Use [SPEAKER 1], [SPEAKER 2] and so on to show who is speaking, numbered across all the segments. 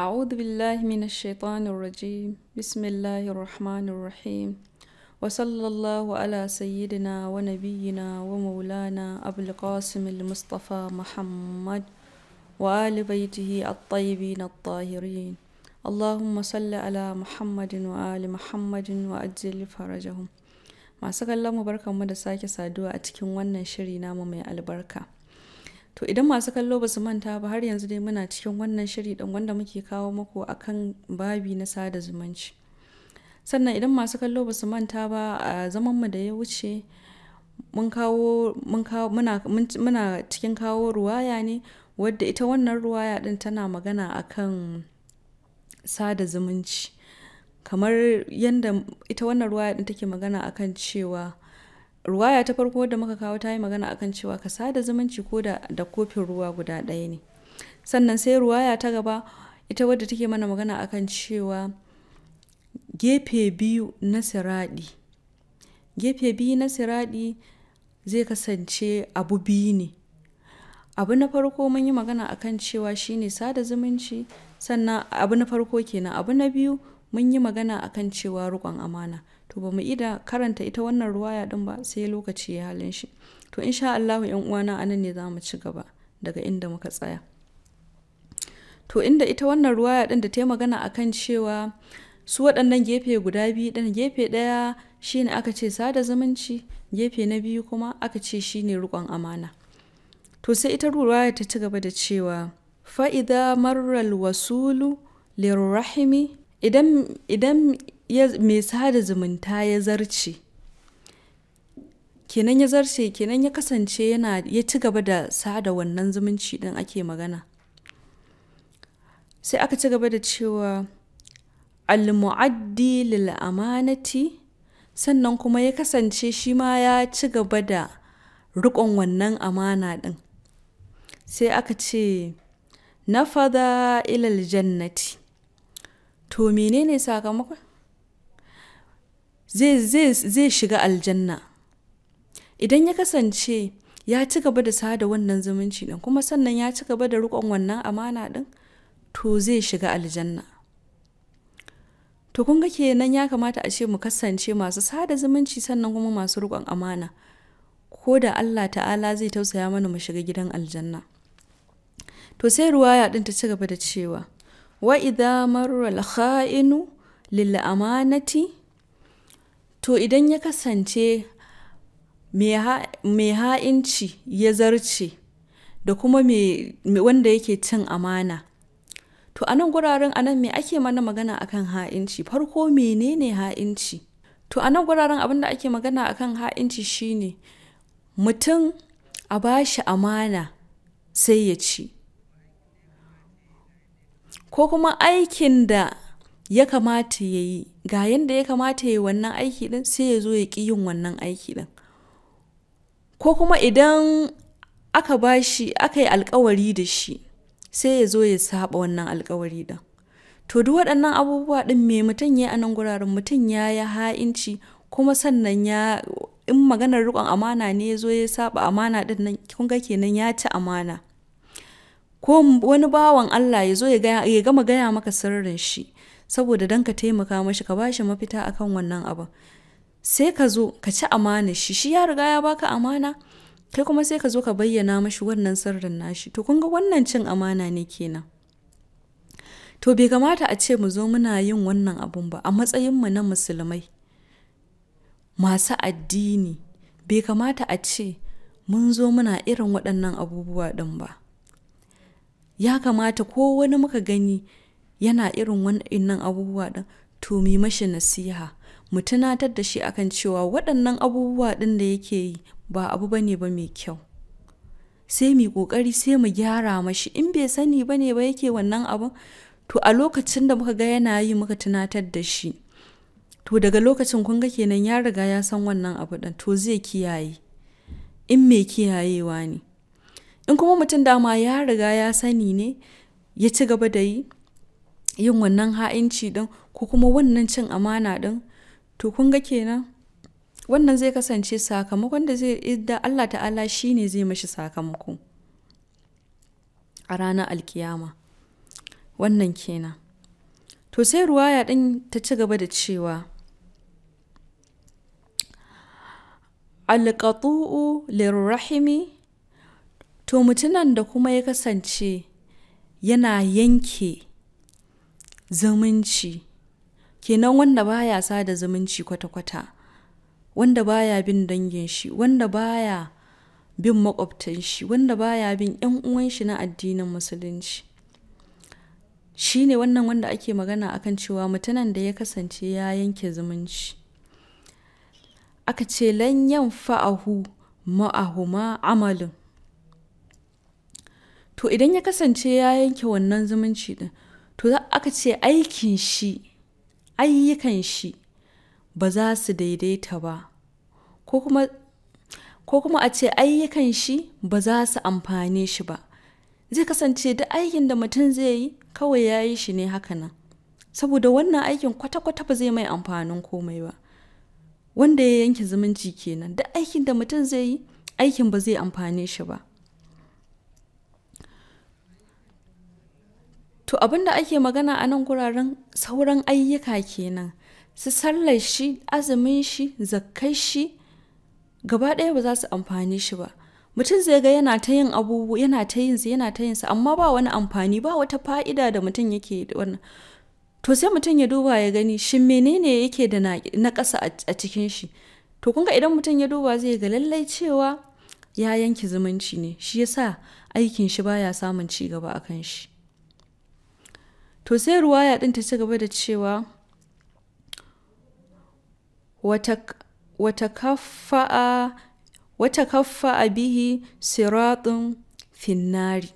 [SPEAKER 1] أعوذ بالله من الشيطان الرجيم بسم الله الرحمن الرحيم وصلى الله على سيدنا ونبينا ومولانا أبو القاسم المصطفى محمد وآل بيته الطيبين الطاهرين اللهم صل على محمد وآل محمد وأجل فرجهم masu kallon mu barkanmu da sake saduwa a cikin wannan shiri namu mai albarka To idan masu kallo ba su manta ba har yanzu dai muna cikin wannan shiri ɗin wanda muke kawo muku akan babi na sada zumunci. Sannan idan masu kallo ba su manta ba a zaman mu da ya wuce mun kawo muna, cikin kawo ruwaya ne wadda ita wannan ruwaya ɗin tana magana akan sada zumunci. Kamar yadda ita wannan ruwaya ɗin take magana akan cewa ruwaya ta farko da muka kawo ta yi magana akan cewa ka sada zumunci ko da kofin ruwa guda ɗaya ne sannan sai ruwaya ta gaba ita wadda take mana magana akan cewa gefe biyu na siraɗi gefe biyu na siraɗi zai kasance abu biyu ne abu na farko mun yi magana akan cewa shine sada zumunci sannan abu na farko kenan abu na biyu mun yi magana akan cewa riƙon amana to ba mu ida karanta ita wannan ruwaya din ba sai lokaci ya halin shi to insha Allahu yan uwana anan ne za mu ci gaba daga inda muka tsaya to inda ita wannan ruwaya din da ta yi magana akan cewa su waɗannan gefe guda biyu ɗin gefe ɗaya shine aka ce sada zumunci gefe na biyu kuma aka ce shine riƙon amana to sai ita ruwaya ta ci gaba da cewa fa'ida marar wasulu lirrahimi idan mai sada zumunta ya zarce kenan ya zarce kenan ya kasance yana ya ci gaba da sada wannan zumunci din ake magana sai aka ci gaba da cewa al-mu'addi lil amanati sannan kuma ya kasance shi ma ya ci gaba da riƙon wannan amana din sai aka ce na fada ilal jannati to menene sakamakon zai shiga aljanna idan ya kasance ya ci gaba da sada wannan zumunci din kuma sannan ya ci gaba da rukon wannan amana din to zai shiga aljanna to kun ga kenan ya kamata a ce mu kasance masu sada zumunci sannan kuma masu rukon amana ko da Allah ta'ala zai tausaya mana mu shiga gidan aljanna to sai ruwaya din ta ci gaba da cewa وإذا مر الخائن للأمانة to idan ya kasance mai ha'inci ya zarce da kuma wanda yake cin amana to a nan guraren a nan me ake mana magana akan ha'inci farko menene ha'inci to a nan guraren da ake magana akan ha'inci shine mutum a bashi amana sai ya ci ko kuma aikin da ya kamata ya yi ga yadda ya kamata ya yi wannan aiki din sai ya zo ya ƙi yin wannan aiki din ko kuma idan aka ba shi aka yi alkawari da shi sai ya zo ya saba wannan alkawari din to duk waɗannan abubuwa din me mutum ya a nan guraren mutum ya yi ha'inci kuma sannan ya in maganar riƙon amana ne ya zo ya saba amana din nan kun ga kenan ya ci amana ko wani bawan Allah ya zo ya gama gaya maka sirrin shi saboda don ka taimaka mashi ka bashi mafita akan wannan abin sai ka zo ka ci amana shi shi ya riga ya baka amana kai kuma sai ka zo ka bayyana mashi wannan sirrin nashi to kun ga wannan cin amana ne kenan to bai kamata a ce mu zo muna yin wannan abun ba a matsayin mu na musulmai masu addini bai kamata a ce mun zo muna irin waɗannan abubuwa ɗin ba ya kamata ko wani muka gani yana irin waɗannan abubuwa ɗin to mu mashi nasiha mu tunatar da shi akan cewa waɗannan abubuwa ɗin da yake yi ba abu ne ba mai kyau sai mu kokari sai mu gyara mashi in bai sani ba ne ba yake wannan abun to a lokacin da muka ga yana yi muka tunatar da shi to daga lokacin kun ga kenan ya riga ya san wannan abu ɗin to zai kiyaye in mai kiyayewa ne in kuma mutum dama ya riga ya sani ne ya ci gaba da yi yin wannan ha'inci din ko kuma wannan cin amana din to kun ga kenan wannan zai kasance sakamakon da zai idda Allah ta'ala shi ne zai mashi sakamako a ranar alkiyama wannan kenan to sai ruwaya din ta ci gaba da cewa alƙatu'u lirrahimi to mutunan da kuma ya kasance yana yanke zumunci kenan wanda baya sa da zumunci kwata-kwata wanda baya bin dangin shi wanda baya bin makwabtan shi wanda baya bin yan uwan shi na addinin musulunci shi ne wannan wanda ake magana akan cewa mutunan da ya kasance ya yanke zumunci aka ce lanyan fa'ahu ma'ahuma amalin to idan ya kasance ya yanke wannan zumunci din to za aka ce aikin shi ayyukan shi ba za su daidaita ba ko kuma a ce ayyukan shi ba za su amfane shi ba zai kasance da aikin da mutum zai yi kawai ya yi shi ne haka hakanan saboda wannan aikin kwata-kwata ba zai mai amfanin komai ba wanda ya yanke zumunci kenan da aikin da mutum zai yi aikin ba zai amfane shi ba to abin da ake magana a nan guraren sauran ayyuka kenan su sallar shi azumin shi zakkai shi gaba ɗaya ba za su amfani shi ba mutum zai ga yana ta yin abubuwa yana ta yin su yana ta yin su amma ba wani amfani ba wata fa'ida da mutum yake wannan to sai mutum ya duba ya gani shin menene yake da na ƙasa a cikin shi to kunga idan mutum ya duba zai ga lallai cewa ya yanke zumunci ne shi yasa aikin shi baya samun ci gaba a kan shi to sai ruwaya ɗin ta ci gaba da cewa wata kaffa a bihi siratun finnari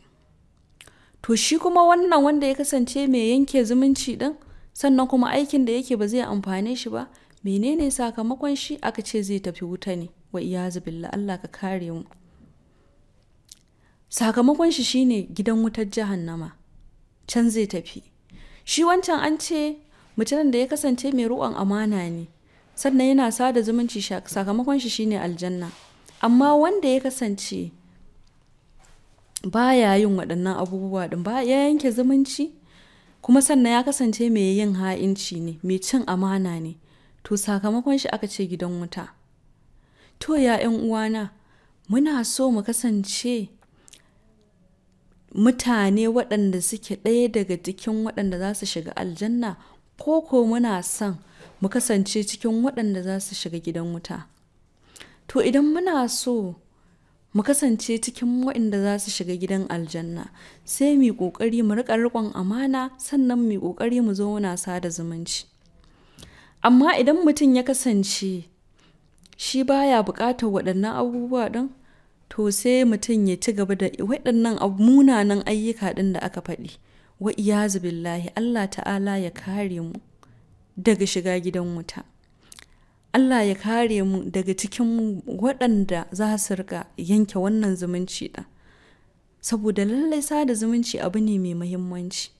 [SPEAKER 1] to shi kuma wannan wanda ya kasance mai yanke zumunci ɗin sannan kuma aikin da yake ba zai amfane shi ba menene sakamakon shi aka ce zai tafi wuta ne wa iya billah Allah ka kare mu sakamakon shi shine gidan wutar jahannama can zai tafi shi wancan an ce mutumin da ya kasance mai ruwan amana ne sannan yana sada zumunci sakamakon shi shine aljanna amma wanda ya kasance ba ya yin waɗannan abubuwa ɗin ba ya yanke zumunci kuma sannan ya kasance mai yin ha'inci ne mai cin amana ne to sakamakon shi aka ce gidan wuta to ya uwana muna so mu kasance mutane waɗanda suke ɗaya daga cikin waɗanda za su shiga aljanna ko ko muna son mu kasance cikin waɗanda za su shiga gidan wuta to idan muna so mu kasance cikin waɗanda za su shiga gidan aljanna sai mu ƙoƙari mu riƙa riƙon amana sannan mu ƙoƙari mu zo muna sada zumunci amma idan mutum ya kasance shi baya buƙatar waɗannan abubuwa ɗin to sai mutum ya ci gaba da waɗannan munanan ayyuka ɗin da aka faɗi wa iyazu billahi Allah ta'ala ya kare mu daga shiga gidan wuta Allah ya kare mu daga cikin waɗanda za su rika yanke wannan zumunci ɗin saboda lallai sada zumunci abu ne mai muhimmanci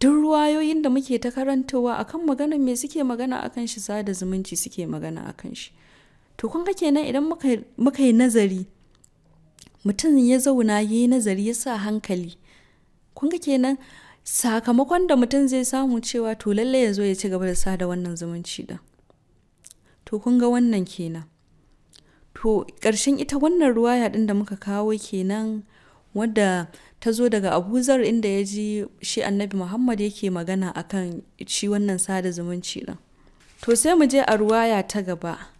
[SPEAKER 1] duk ruwayoyin da muke ta karantowa akan magana me suke magana akan shi sada zumunci suke magana akan shi to kun kenan idan muka yi nazari mutum ya zauna ya yi nazari ya sa hankali kun kenan sakamakon da mutum zai samu cewa to lallai ya zo ya ci gaba da sa da wannan zumunci da to kun ga wannan kenan to ƙarshen ita wannan ruwaya din da muka kawo kenan wadda ta zo daga abuzar inda ya ji shi annabi muhammad yake magana akan shi wannan sada zumunci ɗin to sai mu je a ruwaya ta gaba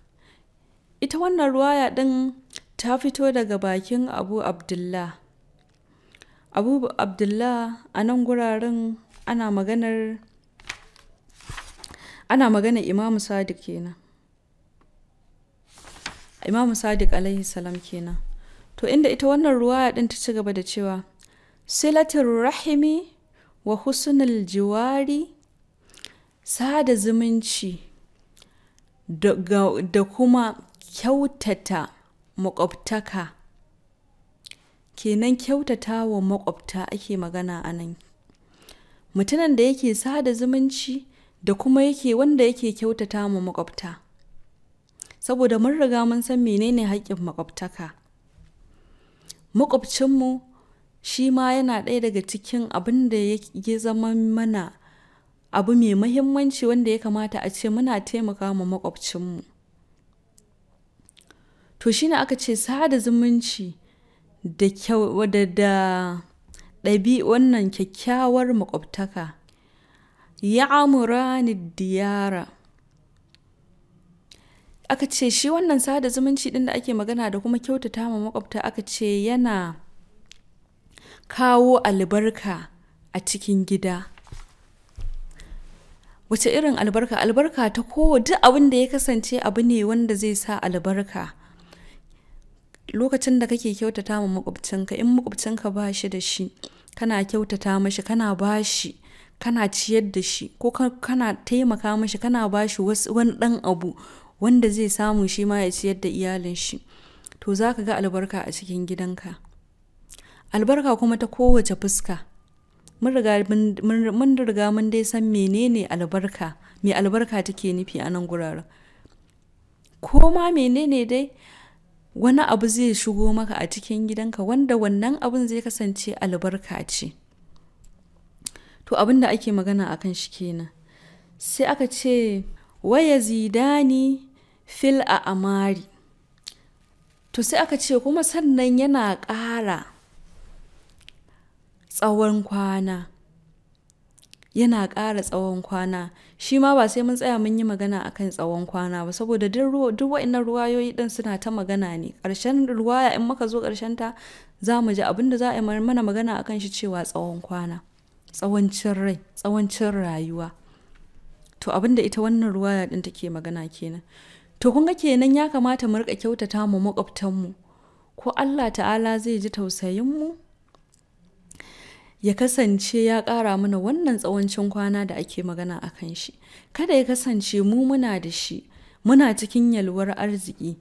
[SPEAKER 1] ita wannan ruwaya ɗin ta fito daga bakin abu abdullah abu abdullah a nan guraren ana maganar ana maganar imamu sadiq kenan imamu sadiq alaihi salam kenan to inda ita wannan ruwaya ɗin ta ci gaba da cewa silatul rahimi wa husnul jiwari sada zumunci da kuma kyautata maƙwabtaka kenan kyautata wa maƙwabta ake magana a nan mutumin da yake sada zumunci da kuma yake wanda yake kyautata wa makwabta saboda mun riga mun san menene haƙƙin makwabtaka maƙwabcinmu shi ma yana ɗaya daga cikin abin da ya zama mana abu mai mahimmanci wanda ya kamata a ce muna taimaka ma maƙwabcinmu to shine aka ce sada zumunci da kyau da ɗabi wannan kyakkyawar makwabtaka ya ni diyara aka ce shi wannan sada zumunci din da ake magana da kuma kyautata ma makwabta aka ce yana kawo albarka a cikin gida wace irin albarka albarka ta kowa duk abin da ya kasance abu ne wanda zai sa albarka lokacin da kake kyautata ma makwabcinka in makwabcinka ba shi da shi kana kyautata mashi kana ba shi kana ciyar da shi ko kana taimaka mashi kana ba shi wani ɗan abu wanda zai samu shi ma ya ciyar da iyalin shi to za ka ga albarka a cikin gidanka albarka kuma ta kowace fuska mun riga mun dai san menene albarka me albarka take nufi a nan guraren ko ma menene dai wani abu zai shigo maka a cikin gidanka wanda wannan abun zai kasance albarka ce to abin da ake magana a kan shi kenan sai aka ce waya zidani fil a amari to sai aka ce kuma sannan yana ƙara tsawon kwana yana ƙara tsawon kwana shi ma ba sai mun tsaya mun yi magana a kan tsawon kwana ba saboda duk wa'innan ruwayoyi din suna ta magana ne ƙarshen ruwaya in muka zo ƙarshen ta za mu ji abinda za a yi mana magana a kan shi cewa tsawon kwana tsawancin rai tsawancin rayuwa to abin ita wannan ruwaya ɗin take magana kenan to kun ga kenan ya kamata mu rika kyautata mu maƙwabtanmu ko Allah ta'ala zai ji tausayin mu. ya kasance ya ƙara mana wannan tsawancin kwana da ake magana a kan shi kada ya kasance mu muna da shi muna cikin yalwar arziki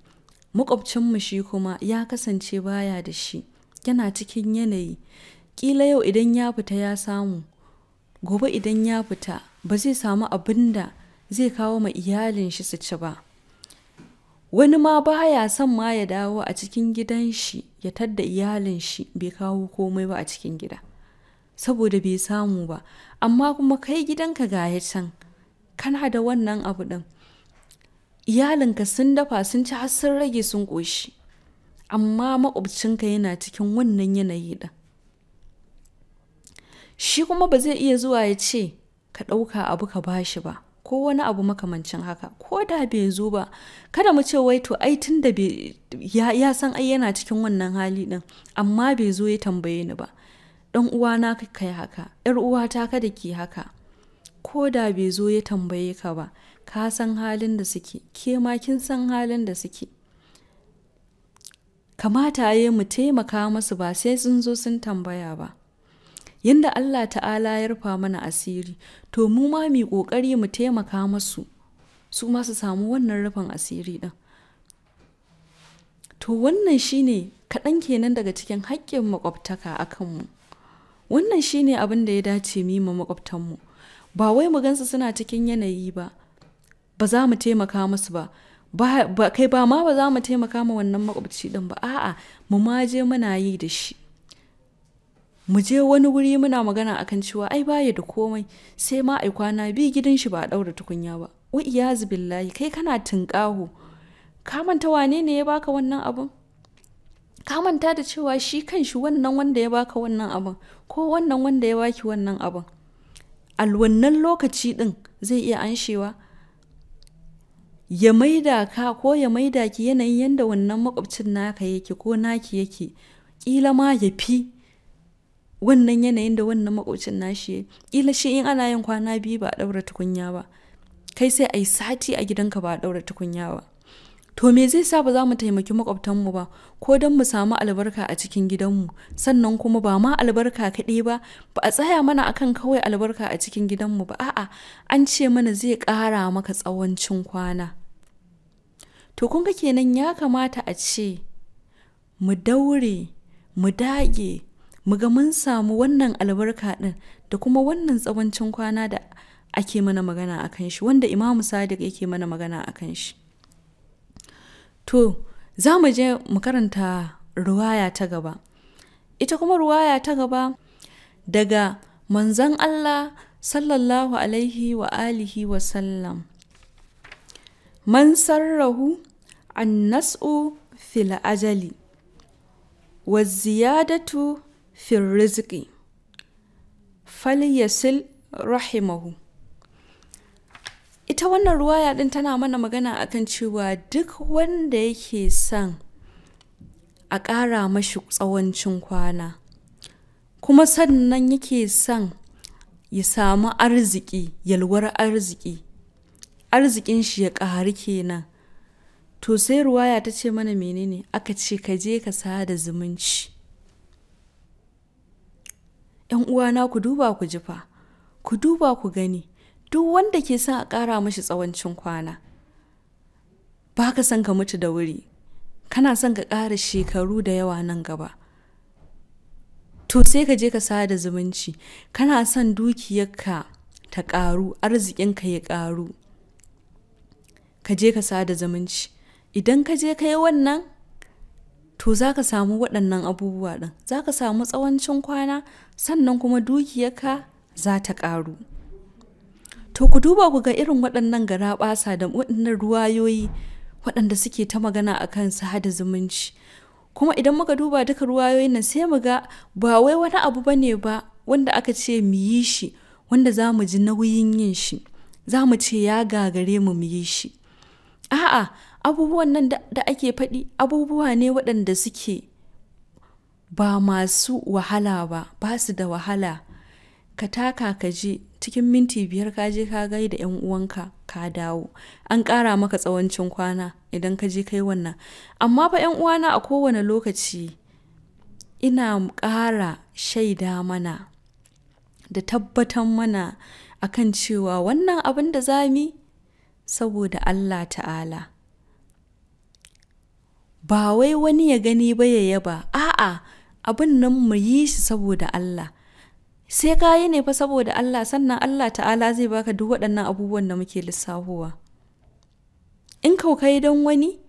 [SPEAKER 1] makwabcinmu shi kuma ya kasance baya da shi yana cikin yanayi ƙila yau idan ya fita ya samu gobe idan ya fita ba zai samu abin da zai kawo ma iyalin shi su ci ba wani ma baya son ma ya dawo a cikin gidan shi ya tadda iyalin shi bai kawo komai ba a cikin gida saboda bai samu ba amma kuma kai gidanka ga ya can kana da wannan abu ɗin iyalinka sun dafa sun ci har sun rage sun ƙoshi amma maƙwabcinka yana cikin wannan yanayi ɗin shi kuma ba zai iya zuwa ya ce ka ɗauka abu ka bashi ba ko wani abu makamancin haka ko da bai zo ba kada mu ce wai to ai tun da ya san ai yana cikin wannan hali ɗin amma bai zo ya tambaye ni ba ɗan uwana ka yi haka ‘yar uwata kada ke haka ko da bai zo ya tambaye ka ba ka san halin da suke ke ma kin san halin da suke kamata ya mu taimaka masu ba sai sun zo sun tambaya ba yadda Allah ta'ala ya rufa mana asiri to mu ma mu kokari mu taimaka masu su ma su samu wannan rufin asiri ɗin to wannan shine kaɗan kenan daga cikin haƙƙin makwabtaka a kanmu wannan shine abin da ya dace mu yi ma makwabtanmu ba wai mu gansu suna cikin yanayi ba ba za mu taimaka musu ba ba kai ba ma ba za mu taimaka ma wannan makwabci din ba a'a mu ma je muna yi da shi mu je wani wuri muna magana akan cewa ai baya da komai sai ma ai kwana bi gidan shi ba a daura tukunya ba wa iyazu billahi kai kana tunƙaho ka manta wane ne ya baka wannan abun ka manta da cewa shi kan shi wannan wanda ya baka wannan abin ko wannan wanda ya baki wannan abin alwannan lokaci ɗin zai iya anshewa ya maida ka ko ya maida ki yanayin yadda wannan makwabcin naka yake ko naki yake ƙila ma ya fi wannan yanayin da wannan makwabcin nashi ya ƙila shi in ana yin kwana biyu ba a ɗaura tukunya ba kai sai a yi sati a gidanka ba a ɗaura tukunya ba to me zai sa ba za mu taimaki makwabtanmu ba ko don mu samu albarka a cikin gidanmu sannan kuma ba ma albarka kaɗai ba ba a tsaya mana akan kawai albarka a cikin gidanmu ba a'a an ce mana zai ƙara maka tsawancin kwana to kun ga kenan ya kamata a ce mu daure mu dage mu ga mun samu wannan albarka ɗin da kuma wannan tsawancin kwana da ake mana magana a kan shi wanda imamu sadiq yake mana magana a kan shi to za mu je mu karanta ruwaya ta gaba ita kuma ruwaya ta gaba daga manzan Allah sallallahu alaihi wa alihi wa sallam man sarrahu an nas'u fil ajali wa ziyadatu fil rizqi falyasil rahimahu ita wannan ruwaya din tana mana magana akan cewa duk wanda yake son a ƙara mashi tsawancin kwana kuma sannan yake son ya samu arziki yalwar arziki arzikin shi ya ƙari kenan to sai ruwaya ta ce mana menene aka ce ka je ka sada zumunci yan uwana ku duba ku jifa ku duba ku gani duk wanda ke sa a ƙara mashi tsawancin kwana ba ka son ka mutu da wuri kana son ka ƙara shekaru da yawa nan gaba to sai ka je ka sada zumunci kana son dukiyarka ta ƙaru arzikinka ya ƙaru ka je ka sada zumunci idan ka je ka yi wannan to za ka samu waɗannan abubuwa ɗin za ka samu tsawancin kwana sannan kuma dukiyarka za ta ƙaru to ku duba ku ga irin waɗannan garaɓasa da waɗannan ruwayoyi waɗanda suke ta magana a kan sada zumunci kuma idan muka duba duka ruwayoyin nan sai mu ga ba wai wani abu ba ne ba wanda aka ce mu yi shi wanda za mu ji nauyin yin shi za mu ce ya gagare mu mu yi shi a'a abubuwan nan da ake faɗi abubuwa ne waɗanda suke ba masu wahala ba ba su da wahala ka taka ka je cikin minti biyar ka je ka gai da 'yan uwanka ka dawo an ƙara maka tsawancin kwana idan ka je kai wannan amma fa 'yan uwana a kowane lokaci ina ƙara shaida mana da tabbatan mana akan cewa wannan abin da zami saboda Allah ta'ala ba wai wani ya gani ba ya yaba a'a abin nan mu yi shi saboda Allah sai ka yi ne fa saboda Allah sannan Allah ta'ala zai baka duk waɗannan abubuwan da muke lissahowa in kaukai don wani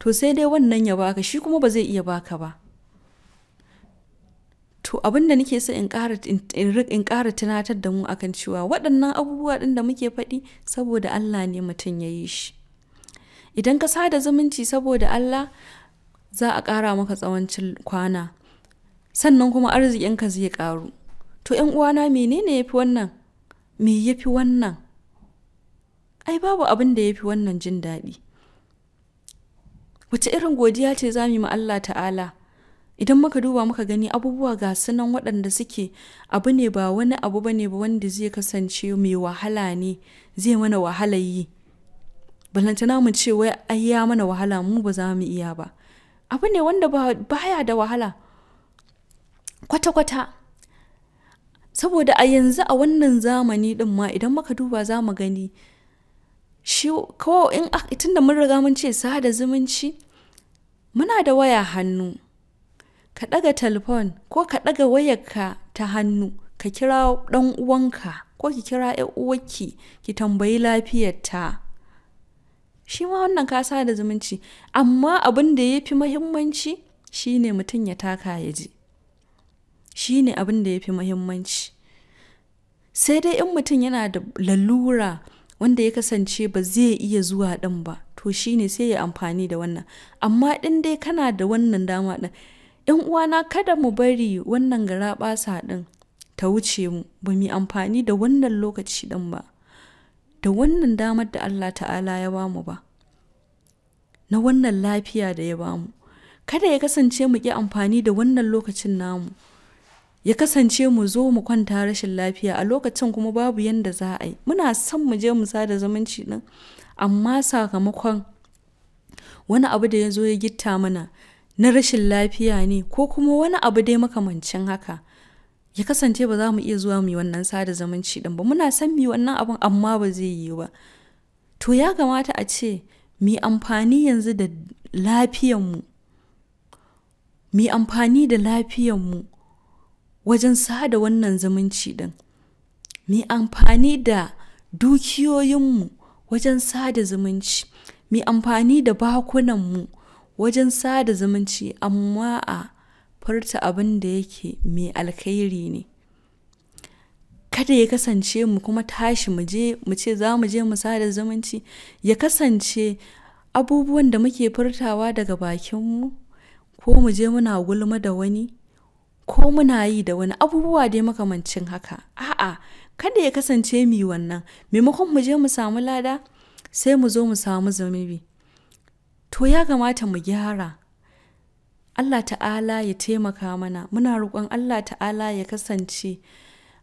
[SPEAKER 1] to sai dai wannan ya baka shi kuma ba zai iya baka ba to abin da nake so in ƙara tunatar da mu akan cewa waɗannan abubuwa ɗin da muke faɗi saboda Allah ne mutum ya yi shi idan ka sada zumunci saboda Allah za a ƙara maka tsawancin kwana sannan kuma arzikinka zai ƙaru to ‘yan uwana menene yafi wannan me ya wannan ai babu abin da yafi wannan jin daɗi wace irin godiya ce za mu yi Allah ta'ala idan muka duba muka gani abubuwa ga sunan waɗanda suke abu ne ba wani abu ba ba wanda zai kasance mai wahala ne zai mana wahala yi balantana mu ce wai ai ya mana wahala mu ba za mu iya ba abu ne wanda baya da wahala kwata-kwata saboda a yanzu a wannan zamani din ma idan muka duba za mu gani shi in tun da mun riga mun ce sada zumunci muna da waya hannu ka ɗaga telefon ko ka ɗaga wayarka ta hannu ka kira ɗan uwanka ko ki kira ‘yan uwarki ki tambayi lafiyarta shi ma wannan ka sa da zumunci amma abin da ya fi mahimmanci shine mutum ya taka ya ji shi ne abin da ya fi muhimmanci sai dai in mutum yana da lalura wanda ya kasance ba zai iya zuwa ɗin ba to shi ne sai ya amfani da wannan amma in dai kana da wannan dama ɗin in uwana kada mu bari wannan gara ɓasa ɗin ta wuce mu ba mu amfani da wannan lokaci ɗin ba da wannan damar da Allah ta'ala ya bamu ba na wannan lafiya da ya bamu kada ya kasance mu ƙi amfani da wannan lokacin namu ya kasance mu zo mu kwanta rashin lafiya a lokacin kuma babu yanda za a yi muna son mu je mu sada zumunci din amma sakamakon wani abu da ya zo ya gitta mana na rashin lafiya ne ko kuma wani abu dai makamancin haka ya kasance ba za mu iya zuwa mu yi wannan sada zumunci din ba muna son mu wannan abun amma ba zai yi ba to ya kamata a ce mu amfani yanzu da lafiyanmu mu amfani da lafiyanmu wajen sada wannan zumunci din mu amfani da dukiyoyinmu wajen sada zumunci mu amfani da bakunanmu wajen sada zumunci amma a furta abin da yake mai alkhairi ne kada ya kasance mu kuma tashi mu je mu ce za mu je mu sada zumunci ya kasance abubuwan da muke furtawa daga bakinmu ko mu je muna gulma da wani ko muna yi da wani abubuwa dai makamancin haka a'a kada ya kasance mi wannan maimakon mu je mu samu lada sai mu zo mu samu zunubi to ya kamata mu gyara Allah ta'ala ya taimaka mana muna roƙon Allah ta'ala ya kasance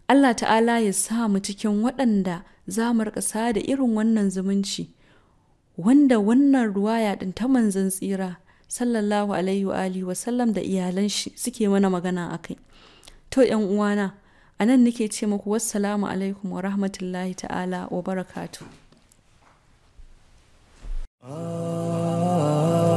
[SPEAKER 1] Allah ta'ala ya sa mu cikin waɗanda za mu da irin wannan zumunci wanda wannan ruwaya ɗin ta manzan tsira sallallahu alaihi wa alihi wasallam da iyalan shi suke mana magana a kai to yan uwana a nan nake ce muku wassalamu alaikum wa rahmatullahi ta'ala wa barakatu. Ah.